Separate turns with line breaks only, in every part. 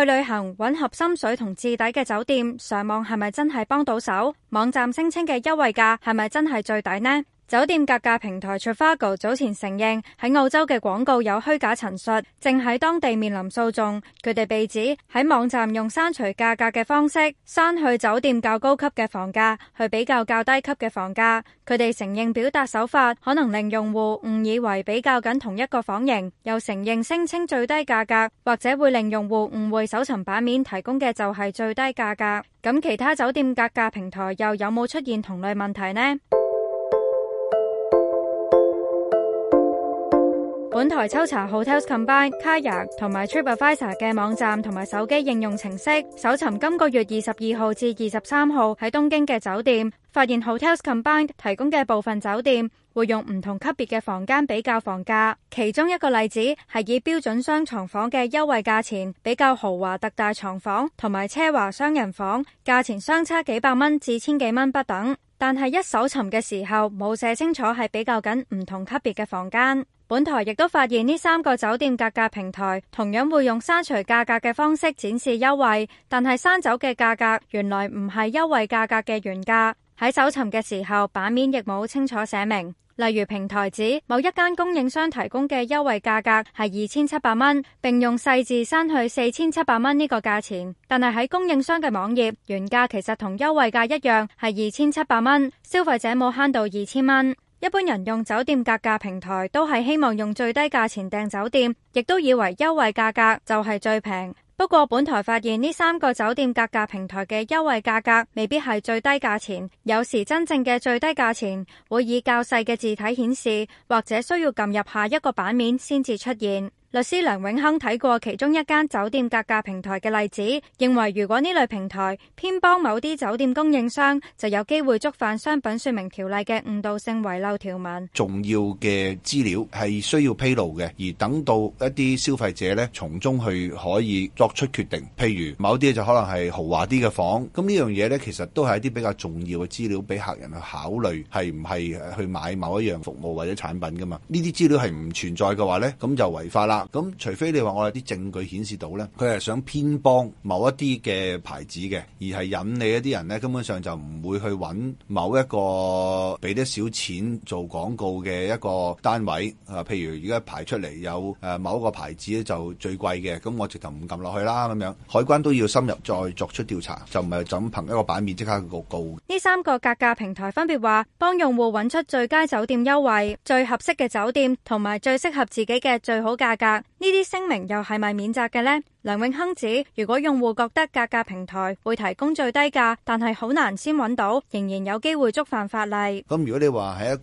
去旅行搵合心水同至抵嘅酒店，上網係咪真係幫到手？網站聲稱嘅優惠價係咪真係最抵呢？酒店格價平台 Trivago 早前承認喺澳洲嘅廣告有虛假陳述，正喺當地面臨訴訟。佢哋被指喺網站用刪除價格嘅方式刪去酒店較高級嘅房價，去比較較低級嘅房價。佢哋承認表達手法可能令用戶誤以為比較緊同一個房型，又承認聲稱最低價格或者會令用戶誤會搜尋版面提供嘅就係最低價格。咁其他酒店格價平台又有冇出現同類問題呢？本台抽查 HotelsCombined、Kayak 同埋 TripAdvisor 嘅網站同埋手機應用程式，搜尋今個月二十二號至二十三號喺東京嘅酒店，發現 HotelsCombined 提供嘅部分酒店會用唔同級別嘅房間比較房價。其中一個例子係以標準雙床房嘅優惠價錢比較豪華特大床房同埋奢華雙人房，價錢相差幾百蚊至千幾蚊不等。但係一搜尋嘅時候冇寫清楚係比較緊唔同級別嘅房間。本台亦都發現呢三個酒店價格平台同樣會用刪除價格嘅方式展示優惠，但係刪走嘅價格原來唔係優惠價格嘅原價。喺搜尋嘅時候，版面亦冇清楚寫明。例如平台指某一間供應商提供嘅優惠價格係二千七百蚊，並用細字刪去四千七百蚊呢個價錢，但係喺供應商嘅網頁原價其實同優惠價一樣係二千七百蚊，消費者冇慳到二千蚊。一般人用酒店格價平台都係希望用最低價錢訂酒店，亦都以為優惠價格就係最平。不過本台發現呢三個酒店格價平台嘅優惠價格未必係最低價錢，有時真正嘅最低價錢會以較細嘅字體顯示，或者需要撳入下一個版面先至出現。律師梁永亨睇過其中一間酒店格價平台嘅例子，認為如果呢類平台偏幫某啲酒店供應商，就有機會觸犯商品說明條例嘅誤導性遺漏條文。
重要嘅資料係需要披露嘅，而等到一啲消費者呢從中去可以作出決定，譬如某啲就可能係豪華啲嘅房，咁呢樣嘢呢，其實都係一啲比較重要嘅資料，俾客人去考慮係唔係去買某一樣服務或者產品噶嘛？呢啲資料係唔存在嘅話呢，咁就違法啦。咁、嗯、除非你話我有啲證據顯示到咧，佢係想偏幫某一啲嘅牌子嘅，而係引你一啲人咧，根本上就唔會去揾某一個俾啲少錢做廣告嘅一個單位啊。譬如而家排出嚟有誒、啊、某一個牌子就最貴嘅，咁、啊、我直頭唔撳落去啦咁樣。海關都要深入再作出調查，就唔係就憑一個版面即刻告告。
呢三個格價平台分別話幫用戶揾出最佳酒店優惠、最合適嘅酒店同埋最適合自己嘅最好價格。呢啲聲明又係咪免責嘅呢？梁永亨指，如果用戶覺得價格平台會提供最低價，但係好難先揾到，仍然有機會觸犯法例。
咁如果你話係一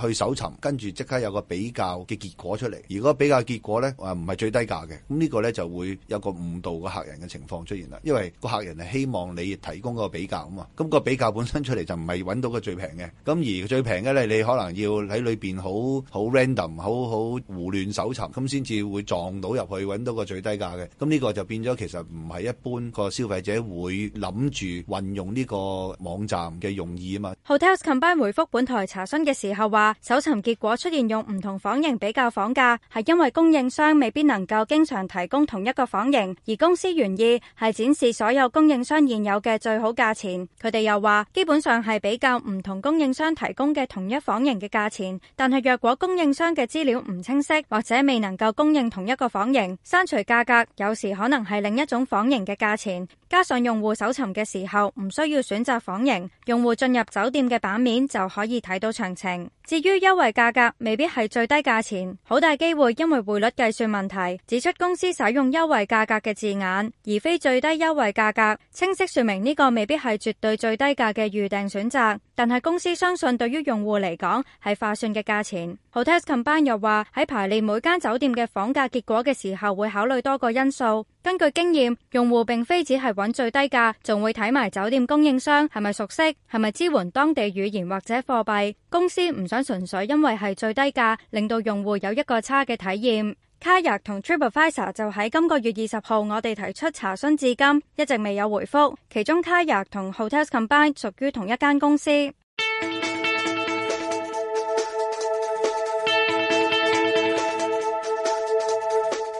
個去搜尋，跟住即刻有個比較嘅結果出嚟，如果比較結果咧話唔係最低價嘅，咁呢個咧就會有個誤導個客人嘅情況出現啦。因為個客人係希望你提供嗰個比較啊嘛，咁個比較本身出嚟就唔係揾到個最平嘅，咁而最平嘅咧你可能要喺裏邊好好 random 好好胡亂搜尋咁先至。會撞到入去揾到個最低價嘅，咁呢個就變咗其實唔係一般個消費者會諗住運用呢個網站嘅用意
啊嘛。HotelsCombined 回覆本台查詢嘅時候話，搜尋結果出現用唔同房型比較房價，係因為供應商未必能夠經常提供同一個房型，而公司原意係展示所有供應商現有嘅最好價錢。佢哋又話，基本上係比較唔同供應商提供嘅同一房型嘅價錢，但係若果供應商嘅資料唔清晰或者未能夠供。供應同一個房型，刪除價格，有時可能係另一種房型嘅價錢。加上用戶搜尋嘅時候唔需要選擇房型，用戶進入酒店嘅版面就可以睇到詳情。至於優惠價格，未必係最低價錢，好大機會因為匯率計算問題，指出公司使用優惠價格嘅字眼，而非最低優惠價格，清晰說明呢個未必係絕對最低價嘅預訂選擇，但係公司相信對於用戶嚟講係劃算嘅價錢。HotelsCombined 又話喺排列每間酒店嘅房價結果嘅時候，會考慮多個因素。根據經驗，用戶並非只係揾最低價，仲會睇埋酒店供應商係咪熟悉，係咪支援當地語言或者貨幣。公司唔想純粹因為係最低價，令到用戶有一個差嘅體驗。Kayak 同 TripAdvisor 就喺今個月二十號，我哋提出查詢至今，一直未有回覆。其中 Kayak 同 HotelsCombined 屬於同一間公司。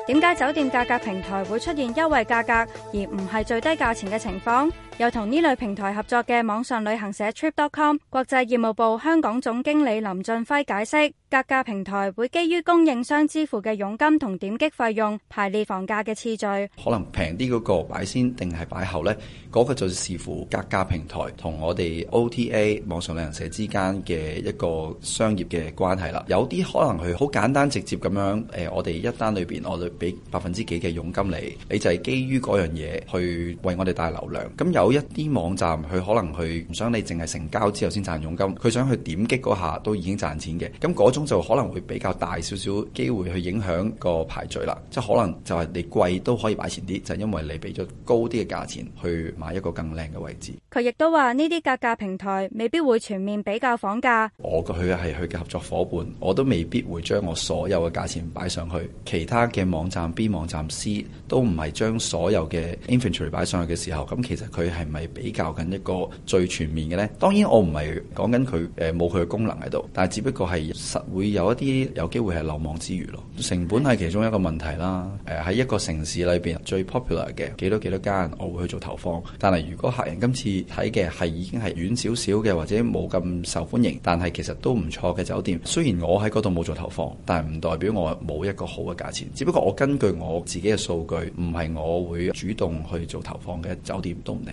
點解酒店格價平台會出現優惠價格而唔係最低價錢嘅情況？又同呢類平台合作嘅網上旅行社 Trip.com 國際業務部香港總經理林俊輝解釋，格價平台會基於供應商支付嘅佣金同點擊費用排列房價嘅次序，
可能平啲嗰個擺先定係擺後咧，嗰個就視乎格價平台同我哋 OTA 網上旅行社之間嘅一個商業嘅關係啦。有啲可能佢好簡單直接咁樣，誒，我哋一單裏邊我哋俾百分之幾嘅佣金你，你就係基於嗰樣嘢去為我哋帶流量，咁有。有一啲網站，佢可能佢唔想你淨係成交之後先賺佣金，佢想去點擊嗰下都已經賺錢嘅。咁嗰種就可能會比較大少少機會去影響個排序啦。即係可能就係你貴都可以擺前啲，就係因為你俾咗高啲嘅價錢去買一個更靚嘅位置。
佢亦都話呢啲價格平台未必會全面比較房價。
我過去係佢嘅合作伙伴，我都未必會將我所有嘅價錢擺上去。其他嘅網站 B 網站 C 都唔係將所有嘅 inventory 擺上去嘅時候，咁其實佢。係咪比較緊一個最全面嘅呢？當然我唔係講緊佢誒冇佢嘅功能喺度，但係只不過係實會有一啲有機會係漏網之魚咯。成本係其中一個問題啦。誒、呃、喺一個城市裏邊最 popular 嘅幾多幾多間，我會去做投放。但係如果客人今次睇嘅係已經係遠少少嘅，或者冇咁受歡迎，但係其實都唔錯嘅酒店，雖然我喺嗰度冇做投放，但係唔代表我冇一個好嘅價錢。只不過我根據我自己嘅數據，唔係我會主動去做投放嘅酒店都唔定。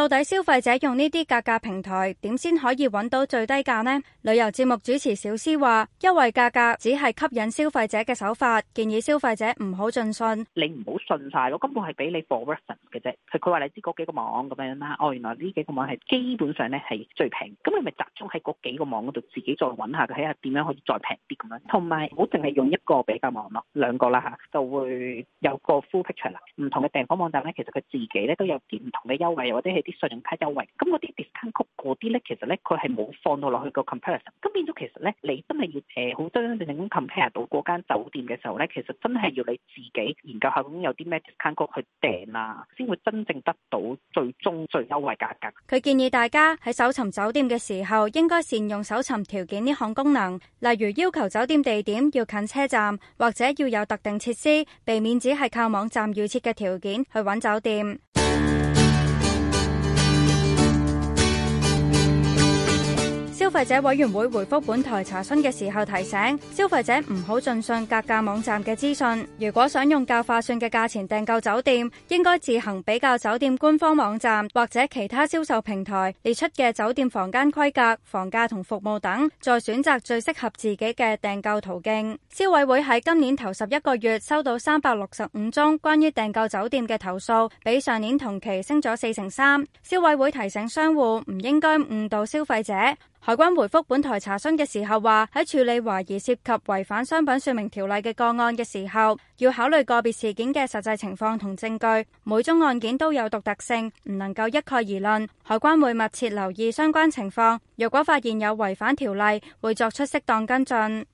到底消費者用呢啲價格平台點先可以揾到最低價呢？旅遊節目主持小施話：優惠價格只係吸引消費者嘅手法，建議消費者唔好盡信。你唔好信晒，咯，根本係俾你 for reference 嘅啫。佢佢話你知嗰幾個網咁樣啦。哦，原來呢幾個網係基本上咧係最平。咁
你咪集中喺嗰幾個網度，自己再揾下睇下點樣可以再平啲咁樣。同埋唔好淨係用一
個比較網咯，兩個啦嚇就會有個 full picture 啦。唔同嘅訂房網站咧，其實佢自己咧都有唔同嘅優惠，或者係信用卡優惠，咁嗰啲 discount code 嗰啲咧，其實咧佢係冇放到落去個 comparison。咁變咗其實咧，你真係要誒好真真正正咁 compare 到嗰間酒店嘅時候咧，其實真係要你自己研究下有啲咩 discount code 去訂啦，先會真正得到最終最優惠價格。佢建議大家喺搜尋酒店嘅時候，應該善用搜尋條件呢項功能，例如要求酒店地點要近車站或者要有特定設施，避免只係靠網站預設嘅條件去揾酒店。消費者委員會回覆本台查詢嘅時候，提醒消費者唔好盡信格價網站嘅資訊。如果想用較划算嘅價錢訂購酒店，應該自行比較酒店官方網站或者其他銷售平台列出嘅酒店房間規格、房價同服務等，再選擇最適合自己嘅訂購途徑。消委會喺今年頭十一個月收到三百六十五宗關於訂購酒店嘅投訴，比上年同期升咗四成三。消委會提醒商戶唔應該誤導消費者。.海關回覆本台查詢嘅時候話：喺處理懷疑涉，涉及違反商品說明條例嘅個案嘅時候，要考慮個別事件嘅實際情況同證據，每宗案件都有獨特性，唔能夠一概而論。海關會密切留意相關情況，若果發現有違反條例，會作出適當跟進。